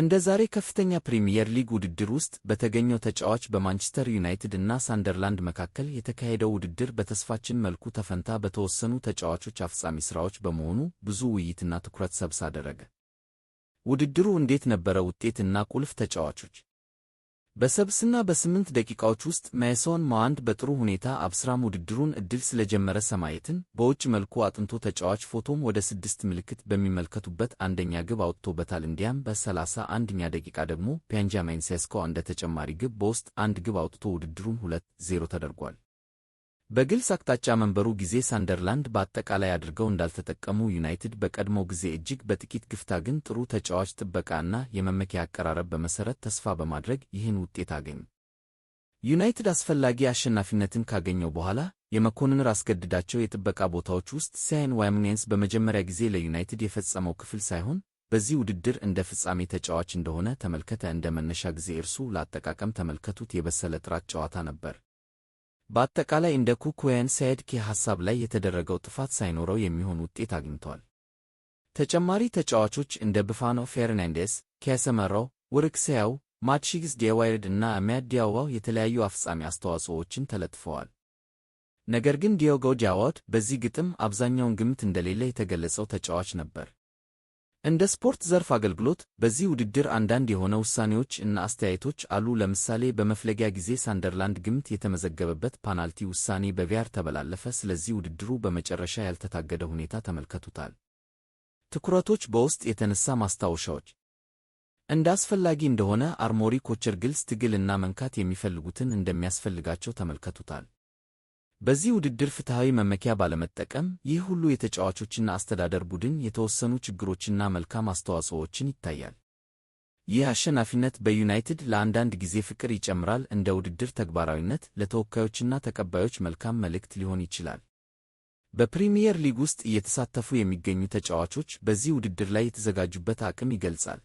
እንደ ዛሬ ከፍተኛ ፕሪምየር ሊግ ውድድር ውስጥ በተገኘው ተጫዋች በማንቸስተር ዩናይትድ እና ሳንደርላንድ መካከል የተካሄደው ውድድር በተስፋችን መልኩ ተፈንታ በተወሰኑ ተጫዋቾች አፍጻሚ ስራዎች በመሆኑ ብዙ ውይይትና ትኩረት ሰብስ አደረገ። ውድድሩ እንዴት ነበረ? ውጤት እና ቁልፍ ተጫዋቾች በሰብስና በስምንት ደቂቃዎች ውስጥ ማይሶን ማዋንድ በጥሩ ሁኔታ አብስራም ውድድሩን እድል ስለጀመረ ሰማየትን በውጭ መልኩ አጥንቶ ተጫዋች ፎቶም ወደ ስድስት ምልክት በሚመልከቱበት አንደኛ ግብ አውጥቶበታል። እንዲያም በሰላሳ አንደኛ ደቂቃ ደግሞ ፒያንጃ ማይንሴስኮ እንደ ተጨማሪ ግብ በውስጥ አንድ ግብ አውጥቶ ውድድሩን ሁለት ዜሮ ተደርጓል። በግልጽ አቅጣጫ መንበሩ ጊዜ ሳንደርላንድ በአጠቃላይ አድርገው እንዳልተጠቀሙ ዩናይትድ በቀድሞ ጊዜ እጅግ በጥቂት ግፍታ ግን ጥሩ ተጫዋች ጥበቃ እና የመመኪያ አቀራረብ በመሠረት ተስፋ በማድረግ ይህን ውጤት አገኙ። ዩናይትድ አስፈላጊ አሸናፊነትን ካገኘው በኋላ የመኮንን አስገድዳቸው የጥበቃ ቦታዎች ውስጥ ሲያይን ዋይምኔንስ በመጀመሪያ ጊዜ ለዩናይትድ የፈጸመው ክፍል ሳይሆን በዚህ ውድድር እንደ ፍጻሜ ተጫዋች እንደሆነ ተመልከተ። እንደ መነሻ ጊዜ እርሱ ለአጠቃቀም ተመልከቱት የበሰለ ጥራት ጨዋታ ነበር። በአጠቃላይ እንደ ኩኩያን ሳይድኪ ሐሳብ ላይ የተደረገው ጥፋት ሳይኖረው የሚሆን ውጤት አግኝተዋል። ተጨማሪ ተጫዋቾች እንደ ብፋኖ ፌርናንዴስ፣ ካሰሜሮ፣ ውርክሳያው፣ ማትሺግስ ዴዋይርድ እና አማድ ዲያዋው የተለያዩ አፍጻሚ አስተዋጽኦዎችን ተለጥፈዋል። ነገር ግን ዲዮጎ ዳዎት በዚህ ግጥም አብዛኛውን ግምት እንደሌለ የተገለጸው ተጫዋች ነበር። እንደ ስፖርት ዘርፍ አገልግሎት በዚህ ውድድር አንዳንድ የሆነ ውሳኔዎች እና አስተያየቶች አሉ። ለምሳሌ በመፍለጊያ ጊዜ ሳንደርላንድ ግምት የተመዘገበበት ፓናልቲ ውሳኔ በቪያር ተበላለፈ። ስለዚህ ውድድሩ በመጨረሻ ያልተታገደ ሁኔታ ተመልከቱታል። ትኩረቶች በውስጥ የተነሳ ማስታወሻዎች እንደ አስፈላጊ እንደሆነ አርሞሪ ኮቸር ግልጽ ትግል እና መንካት የሚፈልጉትን እንደሚያስፈልጋቸው ተመልከቱታል። በዚህ ውድድር ፍትሐዊ መመኪያ ባለመጠቀም ይህ ሁሉ የተጫዋቾችና አስተዳደር ቡድን የተወሰኑ ችግሮችና መልካም አስተዋጽኦዎችን ይታያል። ይህ አሸናፊነት በዩናይትድ ለአንዳንድ ጊዜ ፍቅር ይጨምራል፣ እንደ ውድድር ተግባራዊነት ለተወካዮችና ተቀባዮች መልካም መልእክት ሊሆን ይችላል። በፕሪሚየር ሊግ ውስጥ እየተሳተፉ የሚገኙ ተጫዋቾች በዚህ ውድድር ላይ የተዘጋጁበት አቅም ይገልጻል።